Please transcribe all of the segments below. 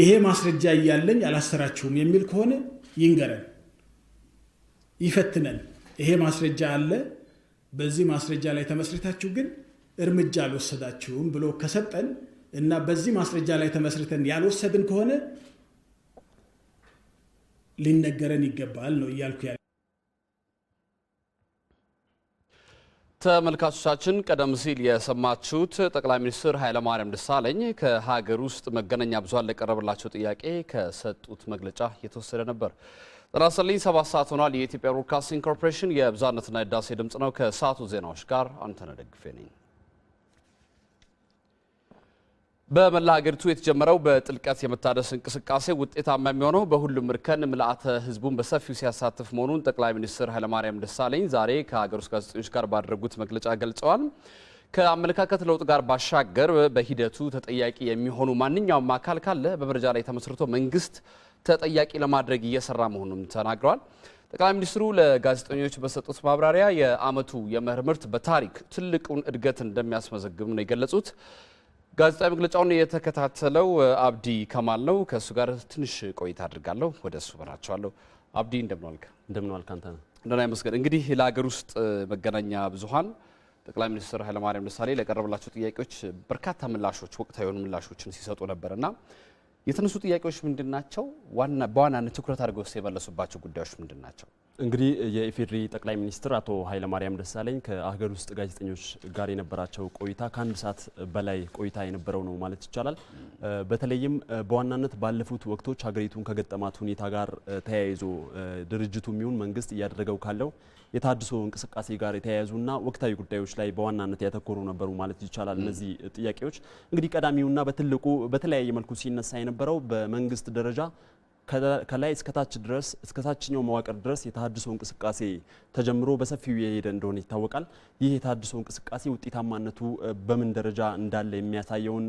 ይሄ ማስረጃ እያለኝ አላሰራችሁም የሚል ከሆነ ይንገረን፣ ይፈትነን። ይሄ ማስረጃ አለ፣ በዚህ ማስረጃ ላይ ተመስርታችሁ ግን እርምጃ አልወሰዳችሁም ብሎ ከሰጠን እና በዚህ ማስረጃ ላይ ተመስርተን ያልወሰድን ከሆነ ሊነገረን ይገባል ነው እያልኩ ያለ ተመልካቾቻችን ቀደም ሲል የሰማችሁት ጠቅላይ ሚኒስትር ኃይለማርያም ደሳለኝ ከሀገር ውስጥ መገናኛ ብዙኃን ለቀረበላቸው ጥያቄ ከሰጡት መግለጫ የተወሰደ ነበር። ጤና ይስጥልኝ። ሰባት ሰዓት ሆኗል። የኢትዮጵያ ብሮድካስቲንግ ኮርፖሬሽን የብዛነትና የዳሴ ድምፅ ነው። ከሰዓቱ ዜናዎች ጋር አንተነህ ደግፌ ነኝ። በመላ ሀገሪቱ የተጀመረው በጥልቀት የመታደስ እንቅስቃሴ ውጤታማ የሚሆነው በሁሉም እርከን ምልአተ ህዝቡን በሰፊው ሲያሳትፍ መሆኑን ጠቅላይ ሚኒስትር ኃይለማርያም ደሳለኝ ዛሬ ከሀገር ውስጥ ጋዜጠኞች ጋር ባደረጉት መግለጫ ገልጸዋል። ከአመለካከት ለውጥ ጋር ባሻገር በሂደቱ ተጠያቂ የሚሆኑ ማንኛውም አካል ካለ በመረጃ ላይ ተመስርቶ መንግስት ተጠያቂ ለማድረግ እየሰራ መሆኑን ተናግረዋል። ጠቅላይ ሚኒስትሩ ለጋዜጠኞች በሰጡት ማብራሪያ የዓመቱ የመኸር ምርት በታሪክ ትልቁን እድገት እንደሚያስመዘግብ ነው የገለጹት። ጋዜጣዊ መግለጫውን የተከታተለው አብዲ ከማል ነው። ከእሱ ጋር ትንሽ ቆይታ አድርጋለሁ። ወደ እሱ በራቸዋለሁ። አብዲ እንደምንዋልከ እንደምንዋልክ አንተ ነው እንደና ይመስገን። እንግዲህ ለሀገር ውስጥ መገናኛ ብዙሀን ጠቅላይ ሚኒስትር ኃይለማርያም ደሳሌ ለቀረበላቸው ጥያቄዎች በርካታ ምላሾች፣ ወቅታዊ የሆኑ ምላሾችን ሲሰጡ ነበር ነበርና የተነሱ ጥያቄዎች ምንድን ናቸው? በዋናነት ትኩረት አድርገው የመለሱባቸው ጉዳዮች ምንድን ናቸው? እንግዲህ የኢፌዴሪ ጠቅላይ ሚኒስትር አቶ ኃይለማርያም ደሳለኝ ከሀገር ውስጥ ጋዜጠኞች ጋር የነበራቸው ቆይታ ከአንድ ሰዓት በላይ ቆይታ የነበረው ነው ማለት ይቻላል። በተለይም በዋናነት ባለፉት ወቅቶች ሀገሪቱን ከገጠማት ሁኔታ ጋር ተያይዞ ድርጅቱ የሚሆን መንግስት እያደረገው ካለው የታድሶ እንቅስቃሴ ጋር የተያያዙና ወቅታዊ ጉዳዮች ላይ በዋናነት ያተኮሩ ነበሩ ማለት ይቻላል። እነዚህ ጥያቄዎች እንግዲህ ቀዳሚውና በትልቁ በተለያየ መልኩ ሲነሳ የነበረው በመንግስት ደረጃ ከላይ እስከታች ድረስ እስከ ታችኛው መዋቅር ድረስ የተሃድሶ እንቅስቃሴ ተጀምሮ በሰፊው የሄደ እንደሆነ ይታወቃል። ይህ የተሃድሶ እንቅስቃሴ ውጤታማነቱ በምን ደረጃ እንዳለ የሚያሳየውን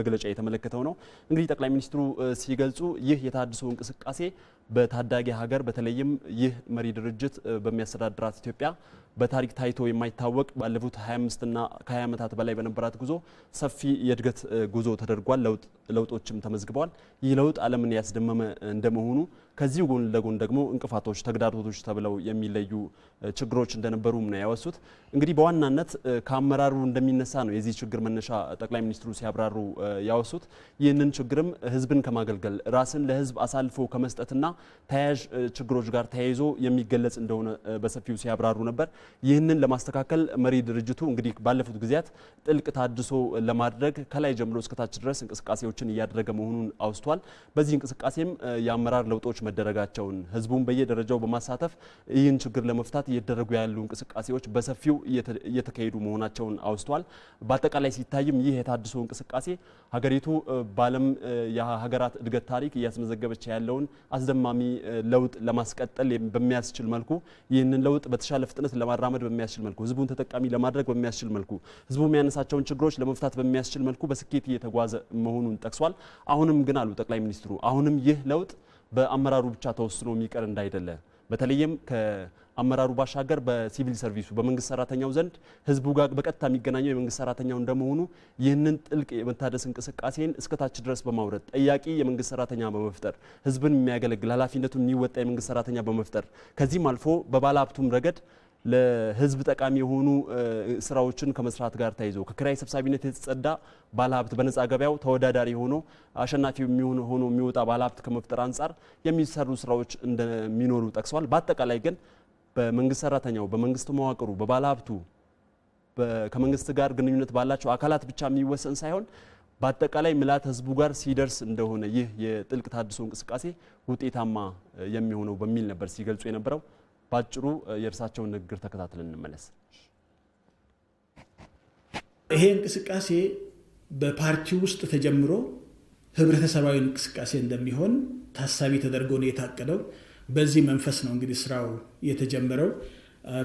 መግለጫ የተመለከተው ነው። እንግዲህ ጠቅላይ ሚኒስትሩ ሲገልጹ ይህ የተሃድሶ እንቅስቃሴ በታዳጊ ሀገር በተለይም ይህ መሪ ድርጅት በሚያስተዳድራት ኢትዮጵያ በታሪክ ታይቶ የማይታወቅ ባለፉት 25ና ከ20 ዓመታት በላይ በነበራት ጉዞ ሰፊ የእድገት ጉዞ ተደርጓል። ለውጦችም ተመዝግበዋል። ይህ ለውጥ ዓለምን ያስደመመ እንደመሆኑ ከዚህ ጎን ለጎን ደግሞ እንቅፋቶች፣ ተግዳሮቶች ተብለው የሚለዩ ችግሮች እንደነበሩም ነው ያወሱት። እንግዲህ በዋናነት ከአመራሩ እንደሚነሳ ነው የዚህ ችግር መነሻ ጠቅላይ ሚኒስትሩ ሲያብራሩ ያወሱት። ይህንን ችግርም ህዝብን ከማገልገል ራስን ለህዝብ አሳልፎ ከመስጠትና ተያያዥ ችግሮች ጋር ተያይዞ የሚገለጽ እንደሆነ በሰፊው ሲያብራሩ ነበር። ይህንን ለማስተካከል መሪ ድርጅቱ እንግዲህ ባለፉት ጊዜያት ጥልቅ ታድሶ ለማድረግ ከላይ ጀምሮ እስከታች ድረስ እንቅስቃሴዎችን እያደረገ መሆኑን አውስቷል። በዚህ እንቅስቃሴም የአመራር ለውጦች መደረጋቸውን ህዝቡን በየደረጃው በማሳተፍ ይህን ችግር ለመፍታት እየደረጉ ያሉ እንቅስቃሴዎች በሰፊው እየተካሄዱ መሆናቸውን አውስተዋል። በአጠቃላይ ሲታይም ይህ የታድሶ እንቅስቃሴ ሀገሪቱ በዓለም የሀገራት እድገት ታሪክ እያስመዘገበች ያለውን አስደማሚ ለውጥ ለማስቀጠል በሚያስችል መልኩ ይህንን ለውጥ በተሻለ ፍጥነት ለማራመድ በሚያስችል መልኩ ህዝቡን ተጠቃሚ ለማድረግ በሚያስችል መልኩ ህዝቡ የሚያነሳቸውን ችግሮች ለመፍታት በሚያስችል መልኩ በስኬት እየተጓዘ መሆኑን ጠቅሷል። አሁንም ግን አሉ ጠቅላይ ሚኒስትሩ አሁንም ይህ ለውጥ በአመራሩ ብቻ ተወስኖ የሚቀር እንዳይደለ በተለይም ከአመራሩ ባሻገር በሲቪል ሰርቪሱ በመንግስት ሰራተኛው ዘንድ ህዝቡ ጋር በቀጥታ የሚገናኘው የመንግስት ሰራተኛው እንደመሆኑ ይህንን ጥልቅ የመታደስ እንቅስቃሴን እስከታች ድረስ በማውረድ ጠያቂ የመንግስት ሰራተኛ በመፍጠር ህዝብን የሚያገለግል ኃላፊነቱን የሚወጣ የመንግስት ሰራተኛ በመፍጠር ከዚህም አልፎ በባለሀብቱም ረገድ ለህዝብ ጠቃሚ የሆኑ ስራዎችን ከመስራት ጋር ተያይዞ ከክራይ ሰብሳቢነት የተጸዳ ባለሀብት በነጻ ገበያው ተወዳዳሪ ሆኖ አሸናፊ የሚሆን ሆኖ የሚወጣ ባለሀብት ከመፍጠር አንጻር የሚሰሩ ስራዎች እንደሚኖሩ ጠቅሰዋል። በአጠቃላይ ግን በመንግስት ሰራተኛው፣ በመንግስት መዋቅሩ፣ በባለሀብቱ ከመንግስት ጋር ግንኙነት ባላቸው አካላት ብቻ የሚወሰን ሳይሆን በአጠቃላይ ምላት ህዝቡ ጋር ሲደርስ እንደሆነ ይህ የጥልቅ ታድሶ እንቅስቃሴ ውጤታማ የሚሆነው በሚል ነበር ሲገልጹ የነበረው። በአጭሩ የእርሳቸውን ንግግር ተከታትለን እንመለስ። ይሄ እንቅስቃሴ በፓርቲ ውስጥ ተጀምሮ ህብረተሰባዊ እንቅስቃሴ እንደሚሆን ታሳቢ ተደርጎ ነው የታቀደው። በዚህ መንፈስ ነው እንግዲህ ስራው የተጀመረው።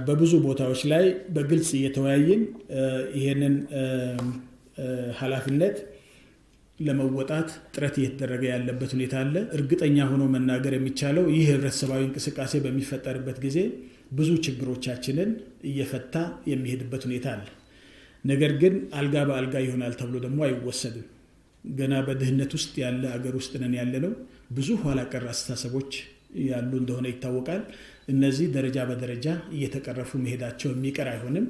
በብዙ ቦታዎች ላይ በግልጽ እየተወያየን ይሄንን ኃላፊነት ለመወጣት ጥረት እየተደረገ ያለበት ሁኔታ አለ። እርግጠኛ ሆኖ መናገር የሚቻለው ይህ ህብረተሰባዊ እንቅስቃሴ በሚፈጠርበት ጊዜ ብዙ ችግሮቻችንን እየፈታ የሚሄድበት ሁኔታ አለ። ነገር ግን አልጋ በአልጋ ይሆናል ተብሎ ደግሞ አይወሰድም። ገና በድህነት ውስጥ ያለ አገር ውስጥ ነን ያለ ነው። ብዙ ኋላ ቀር አስተሳሰቦች ያሉ እንደሆነ ይታወቃል። እነዚህ ደረጃ በደረጃ እየተቀረፉ መሄዳቸው የሚቀር አይሆንም።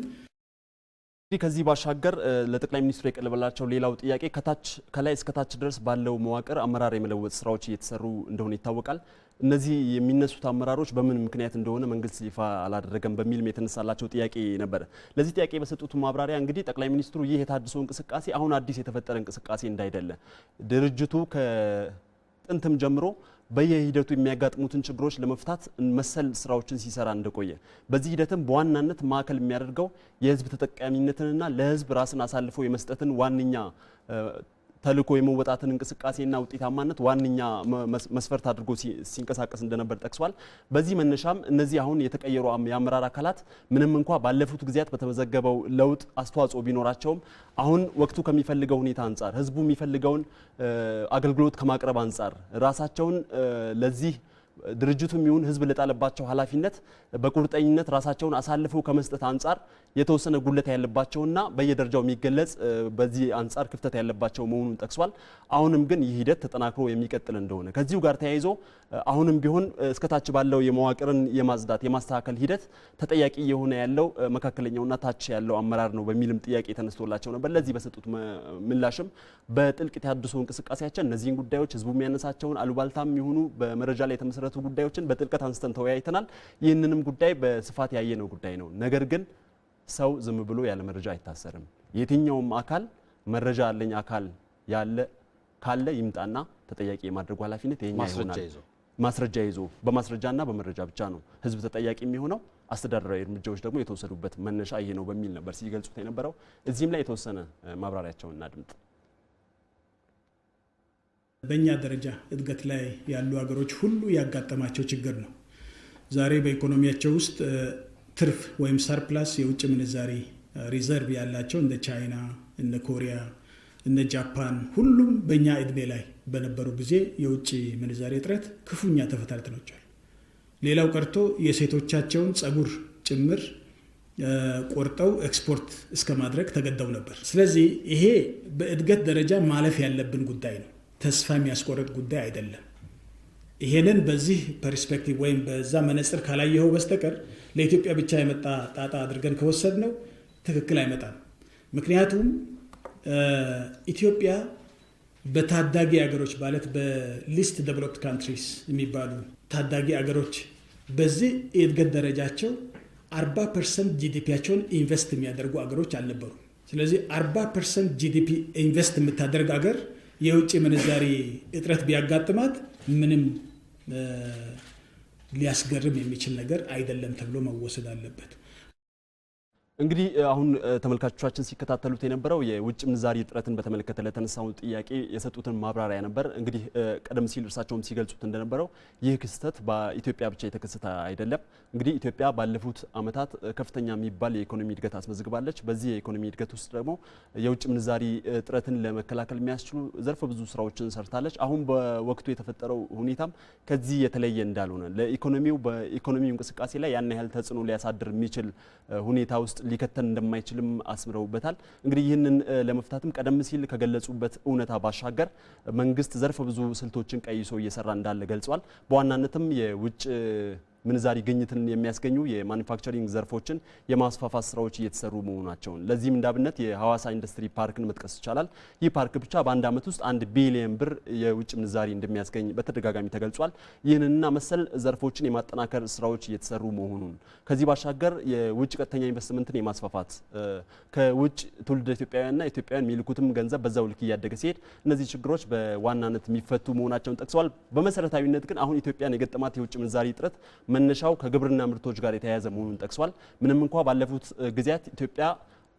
እንግዲህ ከዚህ ባሻገር ለጠቅላይ ሚኒስትሩ የቀለበላቸው ሌላው ጥያቄ ከታች ከላይ እስከ ታች ድረስ ባለው መዋቅር አመራር የመለወጥ ስራዎች እየተሰሩ እንደሆነ ይታወቃል። እነዚህ የሚነሱት አመራሮች በምን ምክንያት እንደሆነ መንግስት ይፋ አላደረገም በሚልም የተነሳላቸው ጥያቄ ነበረ። ለዚህ ጥያቄ በሰጡት ማብራሪያ እንግዲህ ጠቅላይ ሚኒስትሩ ይህ የታድሶ እንቅስቃሴ አሁን አዲስ የተፈጠረ እንቅስቃሴ እንዳይደለ ድርጅቱ ከጥንትም ጀምሮ በየሂደቱ የሚያጋጥሙትን ችግሮች ለመፍታት መሰል ስራዎችን ሲሰራ እንደቆየ በዚህ ሂደትም በዋናነት ማዕከል የሚያደርገው የህዝብ ተጠቃሚነትንና ለህዝብ ራስን አሳልፎ የመስጠትን ዋነኛ ተልዕኮ የመወጣትን እንቅስቃሴና ውጤታማነት ዋነኛ መስፈርት አድርጎ ሲንቀሳቀስ እንደነበር ጠቅሷል። በዚህ መነሻም እነዚህ አሁን የተቀየሩ የአመራር አካላት ምንም እንኳ ባለፉት ጊዜያት በተመዘገበው ለውጥ አስተዋጽኦ ቢኖራቸውም አሁን ወቅቱ ከሚፈልገው ሁኔታ አንጻር ህዝቡ የሚፈልገውን አገልግሎት ከማቅረብ አንጻር ራሳቸውን ለዚህ ድርጅቱ ይሁን ህዝብ ለጣለባቸው ኃላፊነት በቁርጠኝነት ራሳቸውን አሳልፈው ከመስጠት አንጻር የተወሰነ ጉለት ያለባቸውና በየደረጃው የሚገለጽ በዚህ አንጻር ክፍተት ያለባቸው መሆኑን ጠቅሷል። አሁንም ግን ይህ ሂደት ተጠናክሮ የሚቀጥል እንደሆነ ከዚሁ ጋር ተያይዞ አሁንም ቢሆን እስከታች ባለው የመዋቅርን የማጽዳት የማስተካከል ሂደት ተጠያቂ የሆነ ያለው መካከለኛውና ታች ያለው አመራር ነው በሚልም ጥያቄ ተነስቶላቸው ነበር። ለዚህ በሰጡት ምላሽም በጥልቅ ተሃድሶ እንቅስቃሴያችን እነዚህን ጉዳዮች ህዝቡ የሚያነሳቸውን አሉባልታም የሆኑ በመረጃ ላይ የተመሰረቱ ጉዳዮችን በጥልቀት አንስተን ተወያይተናል። ይህንንም ይህንንም ጉዳይ በስፋት ያየነው ጉዳይ ነው። ነገር ግን ሰው ዝም ብሎ ያለ መረጃ አይታሰርም። የትኛውም አካል መረጃ ያለኝ አካል ያለ ካለ ይምጣና ተጠያቂ የማድረጉ ኃላፊነት የኛ ይሆናል። ማስረጃ ይዞ በማስረጃና በመረጃ ብቻ ነው ህዝብ ተጠያቂ የሚሆነው። አስተዳደራዊ እርምጃዎች ደግሞ የተወሰዱበት መነሻ ይሄ ነው በሚል ነበር ሲገልጹት የነበረው። እዚህም ላይ የተወሰነ ማብራሪያቸውን እናድምጥ። በእኛ ደረጃ እድገት ላይ ያሉ ሀገሮች ሁሉ ያጋጠማቸው ችግር ነው ዛሬ በኢኮኖሚያቸው ውስጥ ትርፍ ወይም ሰርፕላስ የውጭ ምንዛሪ ሪዘርቭ ያላቸው እንደ ቻይና፣ እነ ኮሪያ፣ እነ ጃፓን ሁሉም በእኛ እድሜ ላይ በነበሩ ጊዜ የውጭ ምንዛሪ እጥረት ክፉኛ ተፈታትነዋል። ሌላው ቀርቶ የሴቶቻቸውን ጸጉር ጭምር ቆርጠው ኤክስፖርት እስከ ማድረግ ተገደው ነበር። ስለዚህ ይሄ በእድገት ደረጃ ማለፍ ያለብን ጉዳይ ነው። ተስፋ የሚያስቆርጥ ጉዳይ አይደለም። ይሄንን በዚህ ፐርስፔክቲቭ ወይም በዛ መነጽር ካላየኸው በስተቀር ለኢትዮጵያ ብቻ የመጣ ጣጣ አድርገን ከወሰድ ነው ትክክል አይመጣም። ምክንያቱም ኢትዮጵያ በታዳጊ አገሮች ማለት በሊስት ዴቨሎፕድ ካንትሪስ የሚባሉ ታዳጊ አገሮች በዚህ የእድገት ደረጃቸው 40 ፐርሰንት ጂዲፒያቸውን ኢንቨስት የሚያደርጉ አገሮች አልነበሩ። ስለዚህ 40 ፐርሰንት ጂዲፒ ኢንቨስት የምታደርግ አገር የውጭ ምንዛሪ እጥረት ቢያጋጥማት ምንም ሊያስገርም የሚችል ነገር አይደለም ተብሎ መወሰድ አለበት። እንግዲህ አሁን ተመልካቾቻችን ሲከታተሉት የነበረው የውጭ ምንዛሪ እጥረትን በተመለከተ ለተነሳውን ጥያቄ የሰጡትን ማብራሪያ ነበር። እንግዲህ ቀደም ሲል እርሳቸውም ሲገልጹት እንደነበረው ይህ ክስተት በኢትዮጵያ ብቻ የተከሰተ አይደለም። እንግዲህ ኢትዮጵያ ባለፉት ዓመታት ከፍተኛ የሚባል የኢኮኖሚ እድገት አስመዝግባለች። በዚህ የኢኮኖሚ እድገት ውስጥ ደግሞ የውጭ ምንዛሪ እጥረትን ለመከላከል የሚያስችሉ ዘርፈ ብዙ ስራዎችን ሰርታለች። አሁን በወቅቱ የተፈጠረው ሁኔታም ከዚህ የተለየ እንዳልሆነ ለኢኮኖሚው በኢኮኖሚው እንቅስቃሴ ላይ ያን ያህል ተጽዕኖ ሊያሳድር የሚችል ሁኔታ ውስጥ ሊከተን እንደማይችልም አስምረውበታል። እንግዲህ ይህንን ለመፍታትም ቀደም ሲል ከገለጹበት እውነታ ባሻገር መንግስት ዘርፈ ብዙ ስልቶችን ቀይሶ እየሰራ እንዳለ ገልጿል። በዋናነትም የውጭ ምንዛሪ ግኝትን የሚያስገኙ የማኒፋክቸሪንግ ዘርፎችን የማስፋፋት ስራዎች እየተሰሩ መሆናቸውን ለዚህም እንዳብነት የሐዋሳ ኢንዱስትሪ ፓርክን መጥቀስ ይቻላል። ይህ ፓርክ ብቻ በአንድ ዓመት ውስጥ አንድ ቢሊየን ብር የውጭ ምንዛሪ እንደሚያስገኝ በተደጋጋሚ ተገልጿል። ይህንንና መሰል ዘርፎችን የማጠናከር ስራዎች እየተሰሩ መሆኑን ከዚህ ባሻገር የውጭ ቀጥተኛ ኢንቨስትመንትን የማስፋፋት ከውጭ ትውልድ ኢትዮጵያውያንና ኢትዮጵያውያን የሚልኩትም ገንዘብ በዛው ልክ እያደገ ሲሄድ እነዚህ ችግሮች በዋናነት የሚፈቱ መሆናቸውን ጠቅሰዋል። በመሰረታዊነት ግን አሁን ኢትዮጵያን የገጠማት የውጭ ምንዛሪ እጥረት መነሻው ከግብርና ምርቶች ጋር የተያያዘ መሆኑን ጠቅሷል። ምንም እንኳ ባለፉት ጊዜያት ኢትዮጵያ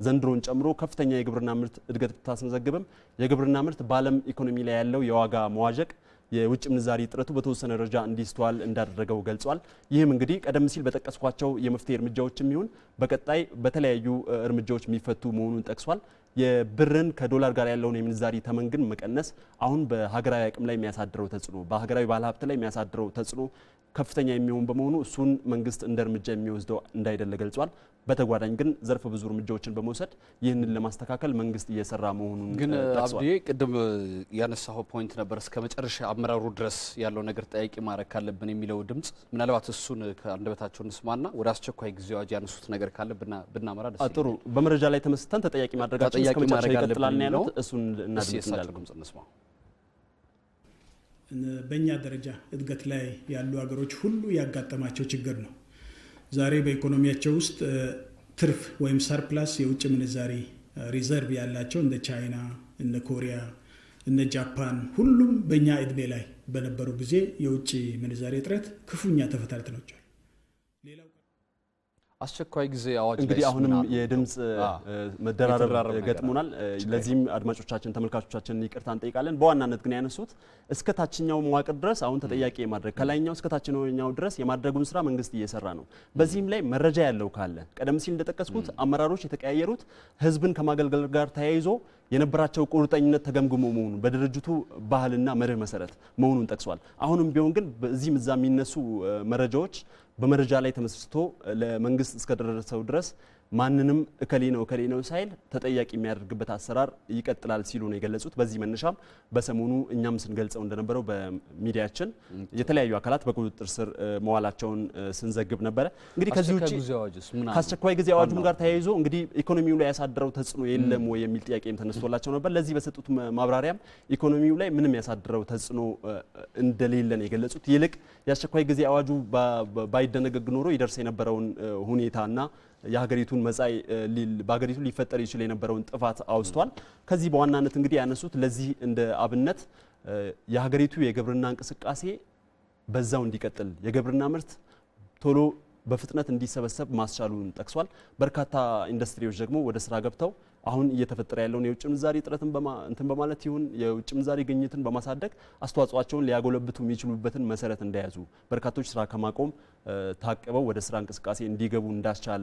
ዘንድሮን ጨምሮ ከፍተኛ የግብርና ምርት እድገት ብታስመዘግብም የግብርና ምርት በዓለም ኢኮኖሚ ላይ ያለው የዋጋ መዋዠቅ የውጭ ምንዛሪ እጥረቱ በተወሰነ ደረጃ እንዲስተዋል እንዳደረገው ገልጿል። ይህም እንግዲህ ቀደም ሲል በጠቀስኳቸው የመፍትሄ እርምጃዎችም ይሁን በቀጣይ በተለያዩ እርምጃዎች የሚፈቱ መሆኑን ጠቅሷል። የብርን ከዶላር ጋር ያለውን የምንዛሪ ተመን ግን መቀነስ አሁን በሀገራዊ አቅም ላይ የሚያሳድረው ተጽዕኖ በሀገራዊ ባለሀብት ላይ የሚያሳድረው ተጽዕኖ ከፍተኛ የሚሆን በመሆኑ እሱን መንግስት እንደ እርምጃ የሚወስደው እንዳይደለ ገልጿል። በተጓዳኝ ግን ዘርፈ ብዙ እርምጃዎችን በመውሰድ ይህንን ለማስተካከል መንግስት እየሰራ መሆኑን ግን አብዴ ቅድም ያነሳው ፖይንት ነበር። እስከ መጨረሻ አመራሩ ድረስ ያለው ነገር ጠያቂ ማድረግ ካለብን የሚለው ድምጽ ምናልባት እሱን ከአንደበታቸው እንስማና ወደ አስቸኳይ ጊዜ አዋጅ ያነሱት ነገር ካለ ብናመራ ደስ ጥሩ። በመረጃ ላይ ተመስተን ተጠያቂ ማድረጋቸው እስከ መጨረሻ ይቀጥላል ያሉት። እሱን እናድምጽ እንስማ። በእኛ ደረጃ እድገት ላይ ያሉ ሀገሮች ሁሉ ያጋጠማቸው ችግር ነው ዛሬ በኢኮኖሚያቸው ውስጥ ትርፍ ወይም ሰርፕላስ የውጭ ምንዛሪ ሪዘርቭ ያላቸው እንደ ቻይና፣ እነ ኮሪያ፣ እነ ጃፓን ሁሉም በእኛ እድሜ ላይ በነበሩ ጊዜ የውጭ ምንዛሬ እጥረት ክፉኛ ነው። አስቸኳይ ጊዜ አዋጅ እንግዲህ አሁንም የድምፅ መደራረብ ገጥሞናል። ለዚህም አድማጮቻችን፣ ተመልካቾቻችን ይቅርታ እንጠይቃለን። በዋናነት ግን ያነሱት እስከ ታችኛው መዋቅር ድረስ አሁን ተጠያቂ የማድረግ ከላይኛው እስከ ታችኛው ድረስ የማድረጉን ስራ መንግስት እየሰራ ነው። በዚህም ላይ መረጃ ያለው ካለ ቀደም ሲል እንደጠቀስኩት አመራሮች የተቀያየሩት ህዝብን ከማገልገል ጋር ተያይዞ የነበራቸው ቁርጠኝነት ተገምግሞ መሆኑ በድርጅቱ ባህልና መርህ መሰረት መሆኑን ጠቅሷል። አሁንም ቢሆን ግን በዚህም እዛ የሚነሱ መረጃዎች በመረጃ ላይ ተመስርቶ ለመንግስት እስከደረሰው ድረስ ማንንም እከሌ ነው እከሌ ነው ሳይል ተጠያቂ የሚያደርግበት አሰራር ይቀጥላል ሲሉ ነው የገለጹት። በዚህ መነሻም በሰሞኑ እኛም ስንገልጸው እንደነበረው በሚዲያችን የተለያዩ አካላት በቁጥጥር ስር መዋላቸውን ስንዘግብ ነበረ። እንግዲህ ከዚህ ውጭ ከአስቸኳይ ጊዜ አዋጁም ጋር ተያይዞ እንግዲህ ኢኮኖሚው ላይ ያሳደረው ተጽዕኖ የለም ወይ የሚል ጥያቄም ተነስቶላቸው ነበር። ለዚህ በሰጡት ማብራሪያም ኢኮኖሚው ላይ ምንም ያሳደረው ተጽዕኖ እንደሌለ ነው የገለጹት። ይልቅ የአስቸኳይ ጊዜ አዋጁ ባይደነገግ ኖሮ ይደርስ የነበረውን ሁኔታና የሀገሪቱን መጻኢ በሀገሪቱ ሊፈጠር ይችል የነበረውን ጥፋት አውስቷል። ከዚህ በዋናነት እንግዲህ ያነሱት ለዚህ እንደ አብነት የሀገሪቱ የግብርና እንቅስቃሴ በዛው እንዲቀጥል የግብርና ምርት ቶሎ በፍጥነት እንዲሰበሰብ ማስቻሉን ጠቅሷል። በርካታ ኢንዱስትሪዎች ደግሞ ወደ ስራ ገብተው አሁን እየተፈጠረ ያለውን የውጭ ምንዛሪ እጥረትን እንትን በማለት ይሁን የውጭ ምንዛሪ ግኝትን በማሳደግ አስተዋጽኦቸውን ሊያጎለብቱ የሚችሉበትን መሰረት እንደያዙ በርካቶች ስራ ከማቆም ታቅበው ወደ ስራ እንቅስቃሴ እንዲገቡ እንዳስቻለ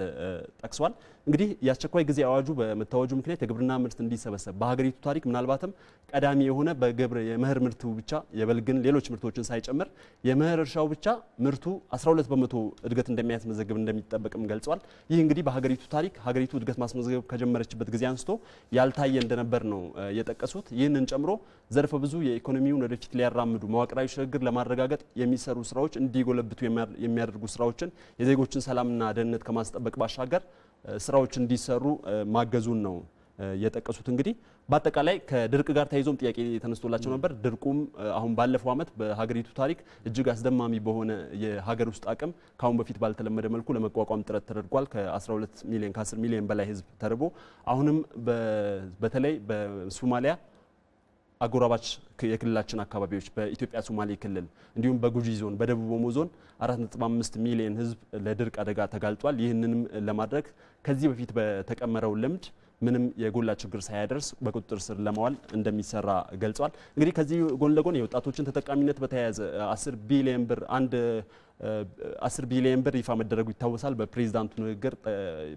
ጠቅሷል። እንግዲህ የአስቸኳይ ጊዜ አዋጁ በመታወጁ ምክንያት የግብርና ምርት እንዲሰበሰብ በሀገሪቱ ታሪክ ምናልባትም ቀዳሚ የሆነ በግብር የመኸር ምርቱ ብቻ የበልግን ሌሎች ምርቶችን ሳይጨምር የመኸር እርሻው ብቻ ምርቱ 12 በመቶ እድገት እንደሚያስመዘግብ እንደሚጠበቅም ገልጿል። ይህ እንግዲህ በሀገሪቱ ታሪክ ሀገሪቱ እድገት ማስመዘገብ ከጀመረችበት ጊዜ አንስቶ ያልታየ እንደነበር ነው የጠቀሱት። ይህንን ጨምሮ ዘርፈ ብዙ የኢኮኖሚውን ወደፊት ሊያራምዱ መዋቅራዊ ሽግግር ለማረጋገጥ የሚሰሩ ስራዎች እንዲጎለብቱ የሚያደርጉ ስራዎችን የዜጎችን ሰላምና ደህንነት ከማስጠበቅ ባሻገር ስራዎች እንዲሰሩ ማገዙን ነው የጠቀሱት። እንግዲህ በአጠቃላይ ከድርቅ ጋር ተያይዞም ጥያቄ ተነስቶላቸው ነበር። ድርቁም አሁን ባለፈው ዓመት በሀገሪቱ ታሪክ እጅግ አስደማሚ በሆነ የሀገር ውስጥ አቅም ከአሁን በፊት ባልተለመደ መልኩ ለመቋቋም ጥረት ተደርጓል። ከ12 ሚሊዮን ከ10 ሚሊዮን በላይ ህዝብ ተርቦ አሁንም በተለይ በሶማሊያ አጎራባች የክልላችን አካባቢዎች በኢትዮጵያ ሶማሌ ክልል እንዲሁም በጉጂ ዞን በደቡብ ኦሞ ዞን 4.5 ሚሊዮን ህዝብ ለድርቅ አደጋ ተጋልጧል። ይህንንም ለማድረግ ከዚህ በፊት በተቀመረው ልምድ ምንም የጎላ ችግር ሳያደርስ በቁጥጥር ስር ለማዋል እንደሚሰራ ገልጿል። እንግዲህ ከዚህ ጎን ለጎን የወጣቶችን ተጠቃሚነት በተያያዘ 10 ቢሊዮን ብር አንድ 10 ቢሊዮን ብር ይፋ መደረጉ ይታወሳል። በፕሬዝዳንቱ ንግግር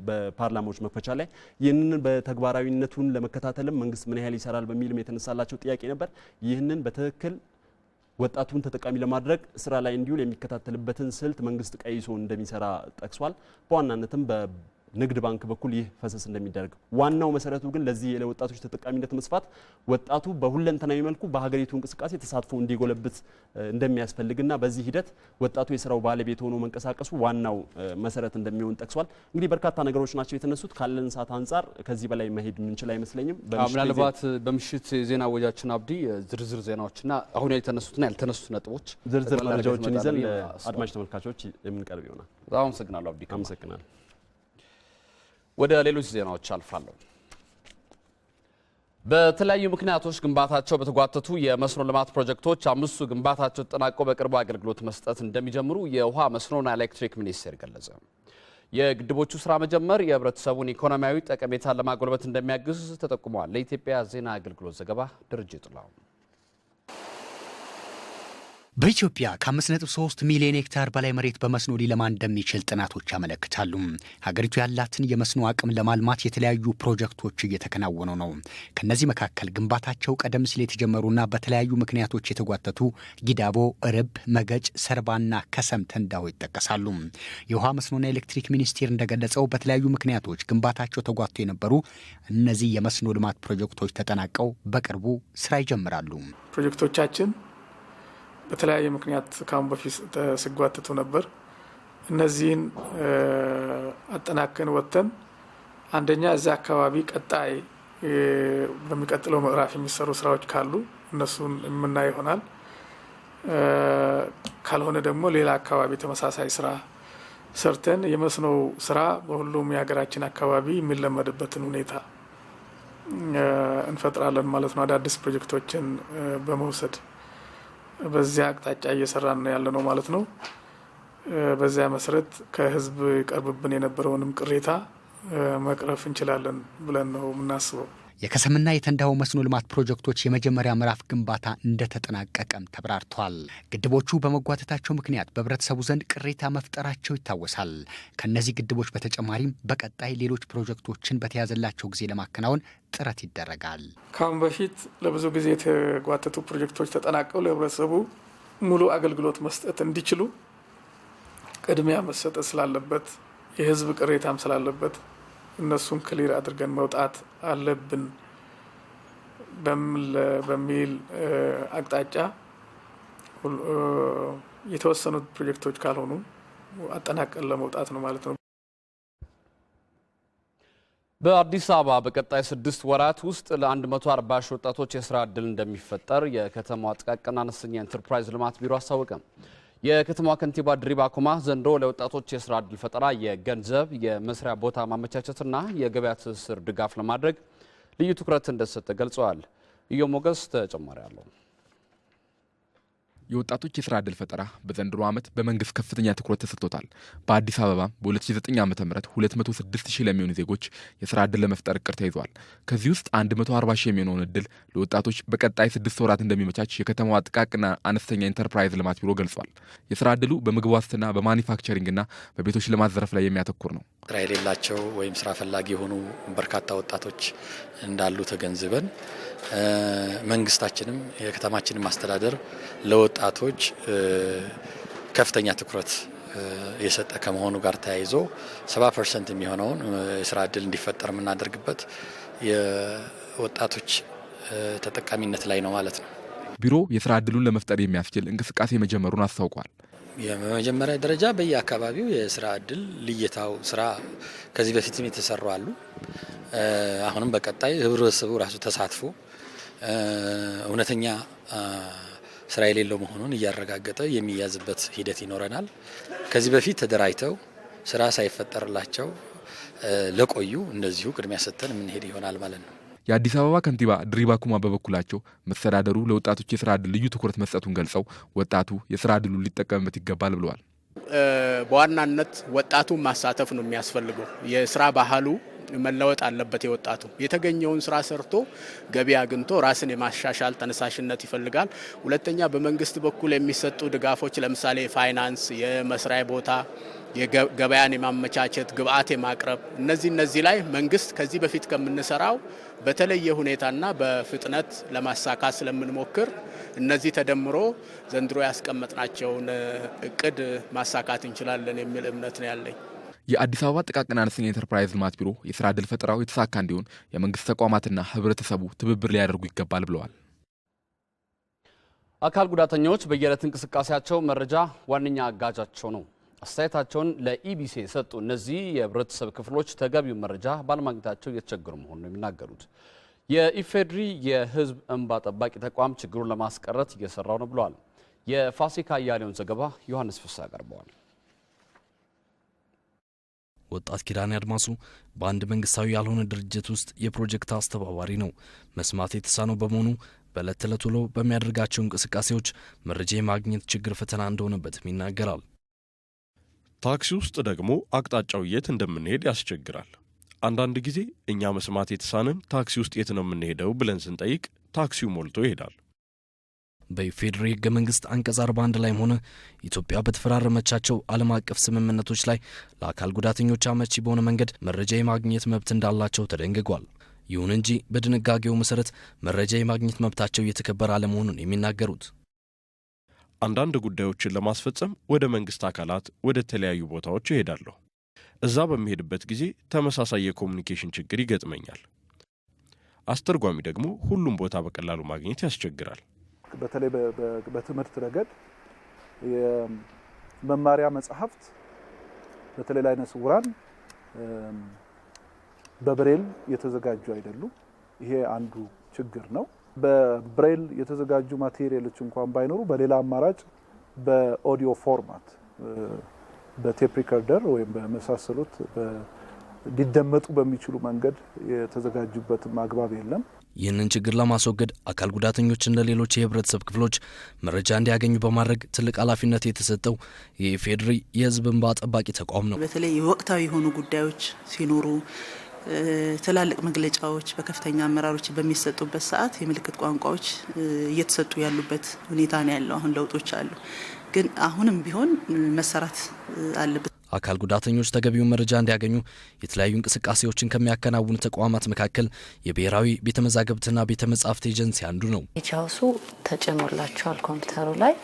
በፓርላማዎች መክፈቻ ላይ ይህንን በተግባራዊነቱን ለመከታተልም መንግስት ምን ያህል ይሰራል በሚልም የተነሳላቸው ጥያቄ ነበር። ይህንን በትክክል ወጣቱን ተጠቃሚ ለማድረግ ስራ ላይ እንዲውል የሚከታተልበትን ስልት መንግስት ቀይሶ እንደሚሰራ ጠቅሷል። በዋናነትም ንግድ ባንክ በኩል ይህ ፈሰስ እንደሚደረግ ዋናው መሰረቱ ግን ለዚህ ለወጣቶች ተጠቃሚነት መስፋት ወጣቱ በሁለንተናዊ መልኩ በሀገሪቱ እንቅስቃሴ ተሳትፎ እንዲጎለብት እንደሚያስፈልግና በዚህ ሂደት ወጣቱ የስራው ባለቤት ሆኖ መንቀሳቀሱ ዋናው መሰረት እንደሚሆን ጠቅሷል። እንግዲህ በርካታ ነገሮች ናቸው የተነሱት። ካለን ሰዓት አንጻር ከዚህ በላይ መሄድ የምንችል አይመስለኝም። ምናልባት በምሽት የዜና ወጃችን አብዲ ዝርዝር ዜናዎችና አሁን የተነሱትና ያልተነሱት ነጥቦች ዝርዝር መረጃዎችን ይዘን አድማጭ ተመልካቾች የምንቀርብ ይሆናል። በጣም አመሰግናለሁ አብዲ። አመሰግናለሁ። ወደ ሌሎች ዜናዎች አልፋለሁ። በተለያዩ ምክንያቶች ግንባታቸው በተጓተቱ የመስኖ ልማት ፕሮጀክቶች አምስቱ ግንባታቸው ተጠናቆ በቅርቡ አገልግሎት መስጠት እንደሚጀምሩ የውሃ መስኖና ኤሌክትሪክ ሚኒስቴር ገለጸ። የግድቦቹ ስራ መጀመር የህብረተሰቡን ኢኮኖሚያዊ ጠቀሜታ ለማጎልበት እንደሚያግዝ ተጠቁመዋል። ለኢትዮጵያ ዜና አገልግሎት ዘገባ ድርጅት ነው። በኢትዮጵያ ከ5.3 ሚሊዮን ሄክታር በላይ መሬት በመስኖ ሊለማ እንደሚችል ጥናቶች ያመለክታሉ። ሀገሪቱ ያላትን የመስኖ አቅም ለማልማት የተለያዩ ፕሮጀክቶች እየተከናወኑ ነው። ከእነዚህ መካከል ግንባታቸው ቀደም ሲል የተጀመሩና በተለያዩ ምክንያቶች የተጓተቱ ጊዳቦ፣ ርብ፣ መገጭ፣ ሰርባና ከሰም ተንዳሆ ይጠቀሳሉ። የውሃ መስኖና ኤሌክትሪክ ሚኒስቴር እንደገለጸው በተለያዩ ምክንያቶች ግንባታቸው ተጓቶ የነበሩ እነዚህ የመስኖ ልማት ፕሮጀክቶች ተጠናቀው በቅርቡ ስራ ይጀምራሉ። ፕሮጀክቶቻችን በተለያየ ምክንያት ከአሁን በፊት ሲጓተቱ ነበር። እነዚህን አጠናክን ወጥተን አንደኛ እዚያ አካባቢ ቀጣይ በሚቀጥለው ምዕራፍ የሚሰሩ ስራዎች ካሉ እነሱን የምናይ ይሆናል። ካልሆነ ደግሞ ሌላ አካባቢ ተመሳሳይ ስራ ሰርተን የመስኖው ስራ በሁሉም የሀገራችን አካባቢ የሚለመድበትን ሁኔታ እንፈጥራለን ማለት ነው። አዳዲስ ፕሮጀክቶችን በመውሰድ በዚያ አቅጣጫ እየሰራን ያለ ነው ማለት ነው። በዚያ መሰረት ከህዝብ ቀርብብን የነበረውንም ቅሬታ መቅረፍ እንችላለን ብለን ነው የምናስበው። የከሰምና የተንዳሆ መስኖ ልማት ፕሮጀክቶች የመጀመሪያ ምዕራፍ ግንባታ እንደተጠናቀቀም ተብራርቷል። ግድቦቹ በመጓተታቸው ምክንያት በህብረተሰቡ ዘንድ ቅሬታ መፍጠራቸው ይታወሳል። ከእነዚህ ግድቦች በተጨማሪም በቀጣይ ሌሎች ፕሮጀክቶችን በተያዘላቸው ጊዜ ለማከናወን ጥረት ይደረጋል። ከአሁን በፊት ለብዙ ጊዜ የተጓተቱ ፕሮጀክቶች ተጠናቀው ለህብረተሰቡ ሙሉ አገልግሎት መስጠት እንዲችሉ ቅድሚያ መሰጠት ስላለበት የህዝብ ቅሬታም ስላለበት እነሱን ክሊር አድርገን መውጣት አለብን በሚል አቅጣጫ የተወሰኑት ፕሮጀክቶች ካልሆኑ አጠናቀን ለመውጣት ነው ማለት ነው። በአዲስ አበባ በቀጣይ ስድስት ወራት ውስጥ ለ140 ሺህ ወጣቶች የስራ እድል እንደሚፈጠር የከተማዋ ጥቃቅንና አነስተኛ ኢንተርፕራይዝ ልማት ቢሮ አስታወቀ። የከተማዋ ከንቲባ ድሪባ ኩማ ዘንድሮ ለወጣቶች የስራ እድል ፈጠራ የገንዘብ የመስሪያ ቦታ ማመቻቸትና የገበያ ትስስር ድጋፍ ለማድረግ ልዩ ትኩረት እንደተሰጠ ገልጸዋል። ኢዮ ሞገስ ተጨማሪ አለው። የወጣቶች የስራ ዕድል ፈጠራ በዘንድሮ ዓመት በመንግስት ከፍተኛ ትኩረት ተሰጥቶታል። በአዲስ አበባ በ2009 ዓ ም 206 ሺህ ለሚሆኑ ዜጎች የስራ ዕድል ለመፍጠር እቅድ ተይዟል። ከዚህ ውስጥ 140 ሺህ የሚሆነውን ዕድል ለወጣቶች በቀጣይ ስድስት ወራት እንደሚመቻች የከተማዋ ጥቃቅና አነስተኛ ኢንተርፕራይዝ ልማት ቢሮ ገልጿል። የስራ ዕድሉ በምግብ ዋስትና፣ በማኒፋክቸሪንግና በቤቶች ልማት ዘርፍ ላይ የሚያተኩር ነው። ስራ የሌላቸው ወይም ስራ ፈላጊ የሆኑ በርካታ ወጣቶች እንዳሉ ተገንዝበን መንግስታችንም የከተማችንም ማስተዳደር ለወጣቶች ከፍተኛ ትኩረት የሰጠ ከመሆኑ ጋር ተያይዞ ሰባ ፐርሰንት የሚሆነውን የስራ እድል እንዲፈጠር የምናደርግበት የወጣቶች ተጠቃሚነት ላይ ነው ማለት ነው። ቢሮ የስራ እድሉን ለመፍጠር የሚያስችል እንቅስቃሴ መጀመሩን አስታውቋል። የመጀመሪያ ደረጃ በየአካባቢው የስራ እድል ልየታው ስራ ከዚህ በፊትም የተሰሩ አሉ። አሁንም በቀጣይ ህብረተሰቡ ራሱ ተሳትፎ እውነተኛ ስራ የሌለው መሆኑን እያረጋገጠ የሚያዝበት ሂደት ይኖረናል። ከዚህ በፊት ተደራጅተው ስራ ሳይፈጠርላቸው ለቆዩ እንደዚሁ ቅድሚያ ሰጥተን የምንሄድ ይሆናል ማለት ነው። የአዲስ አበባ ከንቲባ ድሪባ ኩማ በበኩላቸው መስተዳደሩ ለወጣቶች የስራ ዕድል ልዩ ትኩረት መስጠቱን ገልጸው ወጣቱ የስራ ድሉን ሊጠቀምበት ይገባል ብለዋል። በዋናነት ወጣቱን ማሳተፍ ነው የሚያስፈልገው የስራ ባህሉ መለወጥ አለበት። የወጣቱ የተገኘውን ስራ ሰርቶ ገቢ አግኝቶ ራስን የማሻሻል ተነሳሽነት ይፈልጋል። ሁለተኛ በመንግስት በኩል የሚሰጡ ድጋፎች ለምሳሌ የፋይናንስ፣ የመስሪያ ቦታ የገበያን የማመቻቸት ግብአት የማቅረብ እነዚህ እነዚህ ላይ መንግስት ከዚህ በፊት ከምንሰራው በተለየ ሁኔታና በፍጥነት ለማሳካት ስለምንሞክር እነዚህ ተደምሮ ዘንድሮ ያስቀመጥናቸውን እቅድ ማሳካት እንችላለን የሚል እምነት ነው ያለኝ። የአዲስ አበባ ጥቃቅን አነስተኛ ኢንተርፕራይዝ ልማት ቢሮ የስራ ዕድል ፈጠራው የተሳካ እንዲሆን የመንግስት ተቋማትና ህብረተሰቡ ትብብር ሊያደርጉ ይገባል ብለዋል። አካል ጉዳተኞች በየዕለት እንቅስቃሴያቸው መረጃ ዋነኛ አጋዣቸው ነው። አስተያየታቸውን ለኢቢሲ የሰጡ እነዚህ የህብረተሰብ ክፍሎች ተገቢው መረጃ ባለማግኘታቸው እየተቸገሩ መሆኑ ነው የሚናገሩት። የኢፌድሪ የህዝብ እንባ ጠባቂ ተቋም ችግሩን ለማስቀረት እየሰራው ነው ብለዋል። የፋሲካ አያሌውን ዘገባ ዮሐንስ ፍሳ ያቀርበዋል። ወጣት ኪዳኔ አድማሱ በአንድ መንግስታዊ ያልሆነ ድርጅት ውስጥ የፕሮጀክት አስተባባሪ ነው። መስማት የተሳነው በመሆኑ በዕለት ተዕለት ውሎ በሚያደርጋቸው እንቅስቃሴዎች መረጃ የማግኘት ችግር ፈተና እንደሆነበትም ይናገራል። ታክሲ ውስጥ ደግሞ አቅጣጫው የት እንደምንሄድ ያስቸግራል። አንዳንድ ጊዜ እኛ መስማት የተሳንን ታክሲ ውስጥ የት ነው የምንሄደው ብለን ስንጠይቅ ታክሲው ሞልቶ ይሄዳል። በኢፌዴሪ ህገ መንግስት አንቀጽ 41 ላይም ሆነ ኢትዮጵያ በተፈራረመቻቸው ዓለም አቀፍ ስምምነቶች ላይ ለአካል ጉዳተኞች አመቺ በሆነ መንገድ መረጃ የማግኘት መብት እንዳላቸው ተደንግጓል። ይሁን እንጂ በድንጋጌው መሰረት መረጃ የማግኘት መብታቸው እየተከበረ አለመሆኑን የሚናገሩት አንዳንድ ጉዳዮችን ለማስፈጸም ወደ መንግስት አካላት ወደ ተለያዩ ቦታዎች እሄዳለሁ። እዛ በሚሄድበት ጊዜ ተመሳሳይ የኮሚኒኬሽን ችግር ይገጥመኛል። አስተርጓሚ ደግሞ ሁሉም ቦታ በቀላሉ ማግኘት ያስቸግራል። በተለይ በትምህርት ረገድ የመማሪያ መጽሐፍት በተለይ ለዓይነ ስውራን በብሬል የተዘጋጁ አይደሉም። ይሄ አንዱ ችግር ነው። በብሬል የተዘጋጁ ማቴሪያሎች እንኳን ባይኖሩ በሌላ አማራጭ በኦዲዮ ፎርማት በቴፕ ሪከርደር ወይም በመሳሰሉት ሊደመጡ በሚችሉ መንገድ የተዘጋጁበትም አግባብ የለም። ይህንን ችግር ለማስወገድ አካል ጉዳተኞች እንደ ሌሎች የህብረተሰብ ክፍሎች መረጃ እንዲያገኙ በማድረግ ትልቅ ኃላፊነት የተሰጠው የኢፌዴሪ የህዝብ እንባ ጠባቂ ተቋም ነው። በተለይ ወቅታዊ የሆኑ ጉዳዮች ሲኖሩ ትላልቅ መግለጫዎች በከፍተኛ አመራሮች በሚሰጡበት ሰዓት የምልክት ቋንቋዎች እየተሰጡ ያሉበት ሁኔታ ነው ያለው። አሁን ለውጦች አሉ፣ ግን አሁንም ቢሆን መሰራት አለበት። አካል ጉዳተኞች ተገቢውን መረጃ እንዲያገኙ የተለያዩ እንቅስቃሴዎችን ከሚያከናውኑ ተቋማት መካከል የብሔራዊ ቤተ መዛግብትና ቤተ መጻሕፍት ኤጀንሲ አንዱ ነው። ጃውሱ ተጭኖላቸዋል ኮምፒውተሩ ላይ።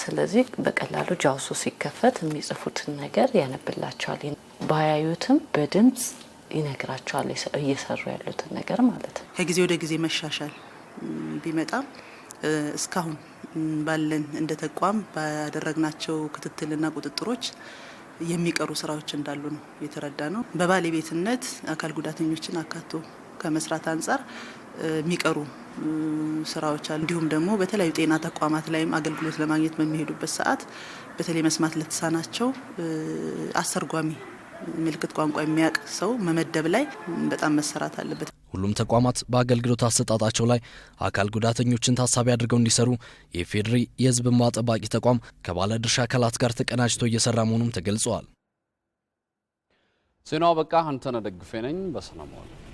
ስለዚህ በቀላሉ ጃውሱ ሲከፈት የሚጽፉትን ነገር ያነብላቸዋል። ባያዩትም በድምጽ ይነግራቸዋል እየሰሩ ያሉትን ነገር ማለት ነው። ከጊዜ ወደ ጊዜ መሻሻል ቢመጣም እስካሁን ባለን እንደ ተቋም ባደረግናቸው ክትትልና ቁጥጥሮች የሚቀሩ ስራዎች እንዳሉ ነው የተረዳ ነው። በባለቤትነት አካል ጉዳተኞችን አካቶ ከመስራት አንጻር የሚቀሩ ስራዎች አሉ። እንዲሁም ደግሞ በተለያዩ ጤና ተቋማት ላይም አገልግሎት ለማግኘት በሚሄዱበት ሰዓት በተለይ መስማት ለተሳናቸው አስተርጓሚ ምልክት ቋንቋ የሚያውቅ ሰው መመደብ ላይ በጣም መሰራት አለበት። ሁሉም ተቋማት በአገልግሎት አሰጣጣቸው ላይ አካል ጉዳተኞችን ታሳቢ አድርገው እንዲሰሩ የፌዴሪ የሕዝብ እንባ ጠባቂ ተቋም ከባለድርሻ አካላት ጋር ተቀናጅቶ እየሰራ መሆኑም ተገልጸዋል። ዜናው በቃ። አንተነህ ደግፌ ነኝ። በሰላም ዋሉ።